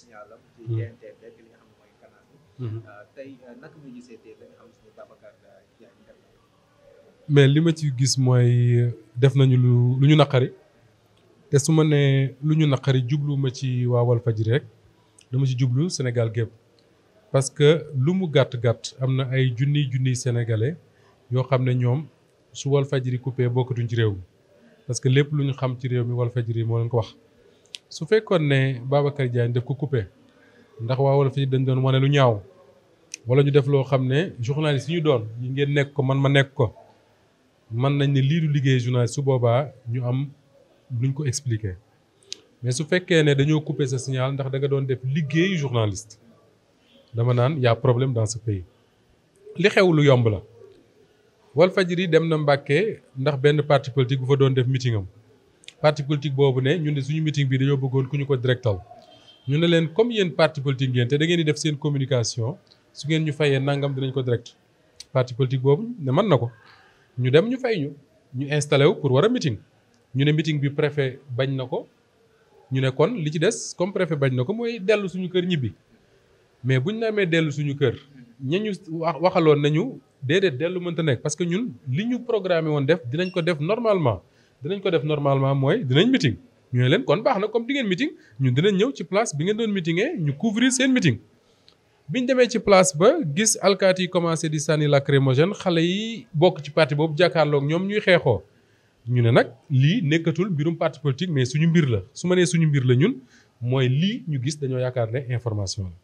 signal am hmm. li hmm. euh, euh, mais li ma ci gis mooy def nañu lu lu ñu naqari te su ma nee lu ñu naqari jublu ma ci waa Walfadjri rek dama ci jublu Sénégal gépp parce que lu mu gàtt gàtt am na ay junniy junniy sénégalais yoo xam ne ñoom su Walfadjri coupé bokkatuñ ci réew mi parce que lépp lu ñu xam ci réew mi Walfadjri moo leen ko wax su fekkoon ne Babacar Diagne def ko coupé ndax waa wala fii dañ doon wane lu ñaaw wala ñu def loo xam ne journaliste yi ñu doon ñu ngeen nekk ko man ma nekk ko man nañ ne lii du liggéey journaliste su boobaa ñu am luñ ko expliquer mais su fekkee ne dañoo couper sa signal ndax da nga doon def liggéey journaliste dama naan y a problème dans ce pays li xew lu yomb la wal Walfadjri dem na Mbàkke ndax benn parti politique bu fa doon def meeting am parti politique boobu ne ñun ne suñu meeting bi dañoo bëggoon ku ñu ko directal ñu ne leen comme yéen parti politique ngeen te da ngeen di def seen communication su ngeen ñu fayee nangam dinañ ko direct parti politique boobu ne mën na ko ñu dem ñu fay ñu ñu installé wu pour war a meeting ñu ne meeting bi préfet bañ na ko ñu ne kon li ci des comme préfet bañ na ko mooy dellu suñu kër ñibbi mais buñ na amee dellu suñu kër ña ñu waxaloon nañu déedéet dellu mënta nekk parce que ñun li ñu programmé woon def dinañ ko def normalement. dinañ ko def normalement mooy dinañ meeting ñu ne leen kon baax na comme di ngeen meeting ñun dinañ ñëw ci place bi ngeen doon meetingee ñu couvrir seen bi ñu demee ci place ba gis alkaati yi commencé di sànni la lacrymogène xale yi bokk ci parti boobu jàkkaarloog ñoom ñuy xeexoo ñu ne nag lii nekkatul birum parti politique mais suñu mbir la su ma nee suñu mbir la ñun mooy lii ñu gis dañoo yaakaar ne information la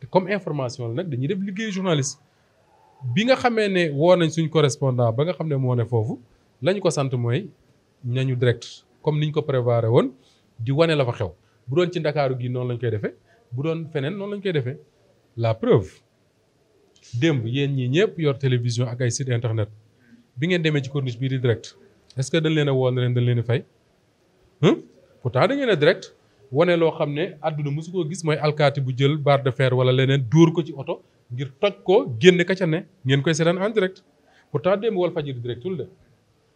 te comme information la nag dañuy def liggéey journaliste bi nga xamee ne woo nañ suñ correspondant ba nga xam ne moo foofu lañ ko sant mooy nañu direct comme niñ ko préparé woon di wane la fa xew bu doon ci ndakaaru gi noonu lañ koy defee bu doon feneen noonu lañ koy defee la preuve démb yéen ñii ñëpp yor télévision ak ay site internet bi ngeen demee ci corniche bii di direct est-ce que dañ leen a woo leen dañ leen a fay pourtant da ngeen direct wane loo xam ne àdduna mosu koo gis mooy alkaati bu jël barre de fer wala leneen dóor ko ci oto ngir toj ko génn ka ca ne ngeen koy seetaan en direct pourtant démb Walfadjri directul de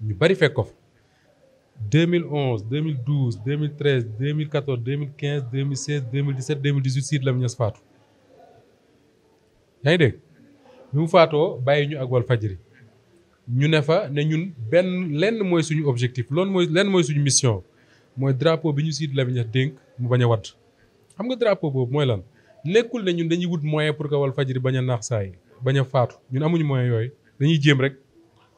ñu 2011 2012 2013 2014 2015 2016 2017 2018 Si Lamine la faatu dégg bi mu ñu ak Nous ñu fa ñun benn lenn suñu objectif loolu mooy lenn suñu mission mooy drapeau bi ñu de dénk mu bañ a wadd xam nga drapeau boobu mooy lan nekkul ne ñun dañuy wut moyen pour que bañ a naax saa yi faatu ñun amuñu moyen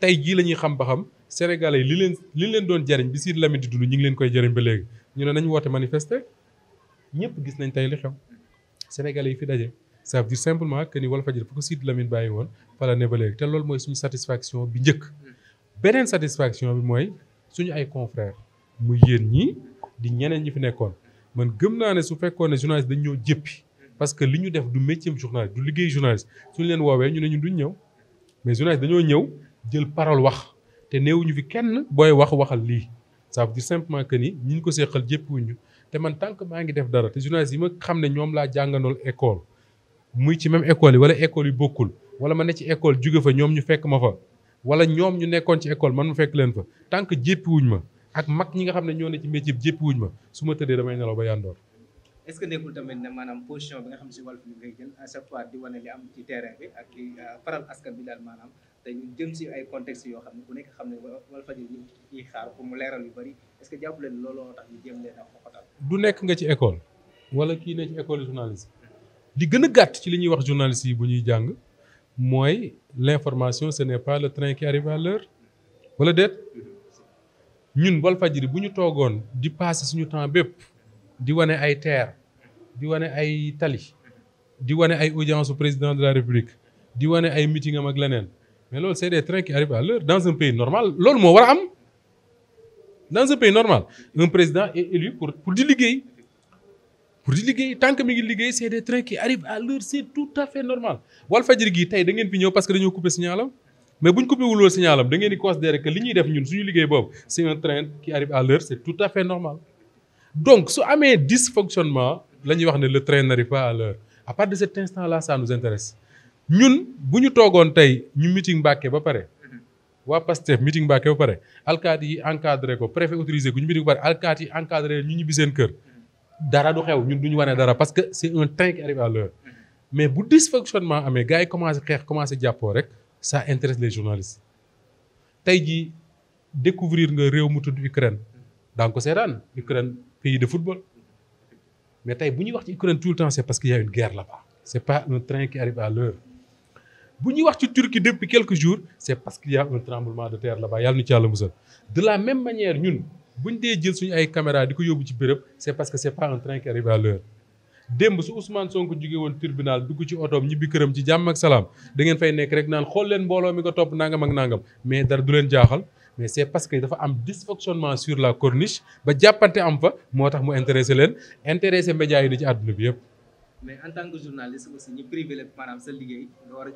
tay jii lañuy xam ba xam sénégalais li leen li leen doon jariñ bi Sidy Lamine di dund ñu ngi leen koy jariñ ba léegi ñu ne nañu woote manifester ñëpp gis nañ tay li xew sénégalais yi fi daje ça veut dire simplement que ni Walfadjri fu ko Sidy Lamine bàyyi woon fa la ne ba léegi te loolu mooy suñu satisfaction bi njëkk beneen satisfaction bi mooy suñu ay confrères mu yéen ñi di ñeneen ñi fi nekkoon man gëm naa ne su fekkoon ne journaliste dañ ñoo jëppi parce que li ñu def du métier journaliste du liggéey journaliste suñu leen woowee ñu ne ñu duñ ñëw mais journaliste dañoo ñëw jël parole wax te néewuñu fi kenn booy wax waxal lii ça veut dire simplement que ni ñi ñu ko seexal jéppiwuñu te man tant que maa ngi def dara te journaliste yi ma xam ne ñoom laa jàngandool école muy ci même école yi wala école yi bokkul wala ma ne ci école jóge fa ñoom ñu fekk ma fa wala ñoom ñu nekkoon ci école man mu fekk leen fa tant que jéppiwuñ ma ak mag ñi nga xam ne ñoo ne ci métier bi wuñ ma su ma tëddee damay nelaw ba yàndoor est-ce que nekkul tamit ne maanaam position bi nga xam si wàllu fi ngay jël à chaque am ci bi ak euh, faral askan bi daal maanaam te ñu jëm si ay contexte yoo xam ne ku nekk xam ne Walfadjri leeral yu que jàpp leen looloo tax du nekk nga ci école wala kii ne ci école journaliste li gën a gàtt ci li ñuy wax journaliste yi bu ñuy jàng mooy l'information ce n'est pas le train qui arrive à l'heure wala déet ñun Walfadjri bu ñu toogoon di passer suñu temps bépp di wane ay terre di wane ay tali di wane ay audience au président de la république di wane ay meeting am ak leneen mais là, c'est des trains qui arrivent à l'heure dans un pays normal loolu moo war dans un pays normal un président est élu pour pour diliguer. pour diliguer. tant que mi ngi c'est des trains qui arrivent à l'heure c'est tout à fait normal Vous gii tey da ngeen fi parce que coupé couper signal. mais vous ñu coupé le signal, da ngeen di considérer que li ñuy def ñun suñu c'est un train qui arrive à l'heure c'est tout à fait normal donc su un dysfonctionnement un dysfonctionnement, le train n'arrive pas à l'heure à part de cet instant là ça nous intéresse ñun bu ñu toogoon tey ñu meeting Mbàkke ba pare waa Pastef meeting Mbàkke ba pare alkaati yi encadré ko préfet autorisé ko ñu meeting ba pare yi encadré ñu bi seen kër dara du xew ñun du ñu wane dara parce que c'est un train qui arrive à l'heure mais bu dysfonctionnement amee gars yi commencé xeex commencé jàppoo rek ça intéresse les journalistes tey jii découvrir nga réew mu tudd Ukraine daa nga ko seetaan Ukraine pays de football mais tey bu ñuy wax ci Ukraine tout le temps c'est parce qu'il y a une guerre là-bas c'est pas un train qui arrive à l'heure bu ñuy wax ci Turquie depuis quelques jours c'est parce qu'il y a un tremblement de terre là-bas yàlla nu ci yàlla musal de la même manière ñun bu ñu dee jël suñu ay caméra di ko ci c'est parce que c'est pas un train qui arrive à l'heure Demb su Ousmane Sonko jóge woon tribunal dugg ci autom ñibi kërëm ci jàmm ak salaam da ngeen fay nekk rek naan xol leen mbolo mi ko top nangam ak nangam mais dara du leen jaaxal mais c'est parce que dafa am dysfonctionnement sur la corniche ba jappanté am fa motax mu intéressé leen intéressé média yi di ci àdduna bi yëpp mais en tant que journaliste aussi ñu privé maanaam sa liggéey nga war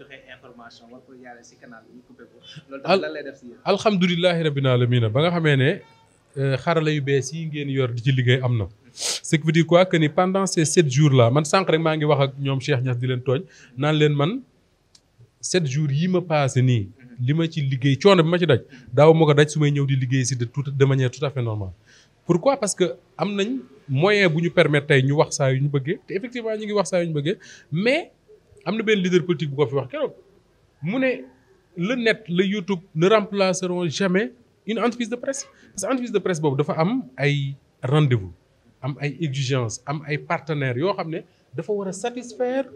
ba nga xamee ne euh, xarala yu bees yi ngeen yor di ci liggéey am na. ce qui veut dire ni pendance ces jours la man sànq rek maa ngi wax ak ñoom Cheikh Niass di leen tooñ naan leen man sept jours yi ma passé nii. Mhm. li ma ci liggéey coono bi ma ci daj daaw ma ko daj su may ñëw di liggéey si de tout de manière tout à fait normale. pourquoi parce que am nañ moyen bu ñu permettre ñu wax sa ñu bëggé té effectivement a ngi wax sa ñu bëggé mais am ben leader politique bu ko fi wax mu né le net le YouTube ne remplaceront jamais une entreprise de presse parce que entreprise de presse il dafa am ay rendez-vous am ay exigences am ay partenaires yo xamné dafa satisfaire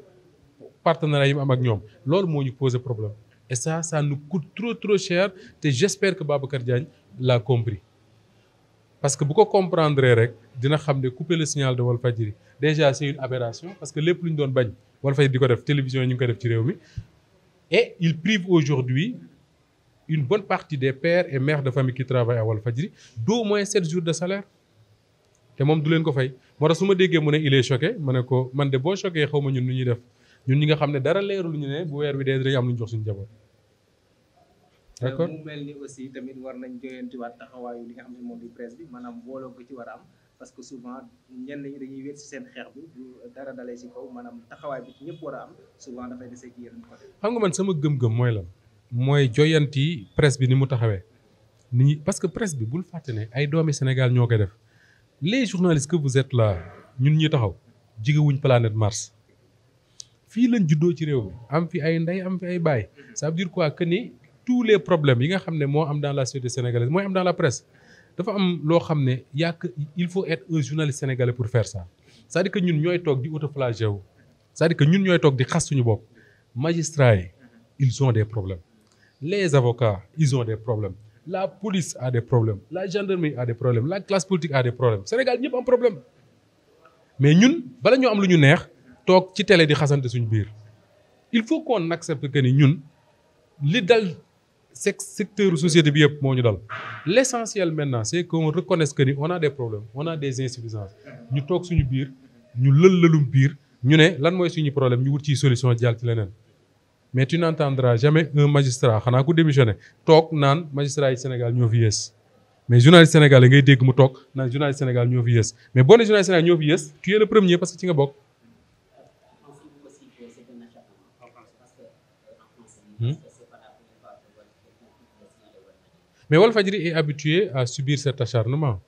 partenariat yi am ak ñom loolu problème et ça ça nous coûte trop trop cher té j'espère que Babacar Diagne l'a compris parce que bu ko comprendre rek dina xam ne couper le signal de Walfadjri déjà c'est une aberration parce que lépp lu ñu doon bañ Walfadjri di ko def télévision ñu ngi ko def ci réew mi et il prive aujourd'hui une bonne partie des pères et mères de famille qui travaillent à Walfadjri d'au moins sept jours de salaire te moom du leen ko fay moo tax su ma déggee mu ne il est choqué ma ne ko man de boo choqué xaw ma ñun nu ñuy def ñun ñi nga xam ne dara leeru lu ñu ne bu weer wi dee dañu am lu ñu jox suñu jaboot d'accord mu mel ni aussi tamit war nañ joyantiwaat taxawaayu li nga xam ne moom di presse bi maanaam mbooloo ko ci war a am parce que souvent ñenn ñi dañuy wéet si seen xeex bi dara dalee si kaw maanaam taxawaay bi ci ñëpp war a am souvent dafay desee ci yeneen côté. xam nga man sama gëm-gëm mooy lan mooy joyanti presse bi ni mu taxawee ni parce que presse bi bul fàtte ne ay doomi Sénégal ñoo koy def les journalistes que vous êtes là ñun ñi taxaw jigewuñ planète Mars. fii lañ juddoo ci réew mi am fi ay nday am fi ay baay ça veut dire quoi que ni tous les problèmes yi nga xam ne moo am dans la société sénégalaise mooy am dans la presse dafa am loo xam ne il faut être un journaliste sénégalais pour faire ça c'est-à-dire que ñun ñooy toog di autoflagé wu c'est-à-dire que ñun ñooy toog di xas suñu bopp magistrats ils ont des problèmes les avocats ils ont des problèmes la police a des problèmes la gendarmerie a des problèmes la classe politique a des problèmes Sénégal ñëpp am problème mais ñun bala ñu am lu ñu neex toog ci télé di xasante suñu biir il faut qu'on accepte que ni ñun li dal secteur société bi yëpp moo ñu dal l' maintenant c'est qu'on reconnaisse que on a des problèmes on a des insuffisances ñu toog suñu biir ñu lël lëlum biir ñu ne lan mooy suñu problème ñu wut ci solution jàll ci leneen mais tu n'entendras jamais un magistrat xanaa ku démissionné toog naan magistrat yi Sénégal ñoo fi yées mais journaliste Sénégal ngay dégg mu toog naan journaliste Sénégal ñoo fi yées mais boo journaliste Sénégal ñoo fi yées tu es le premier parce que ci nga bokk. Hmm? Mais Walfadjri est habitué à subir cet acharnement.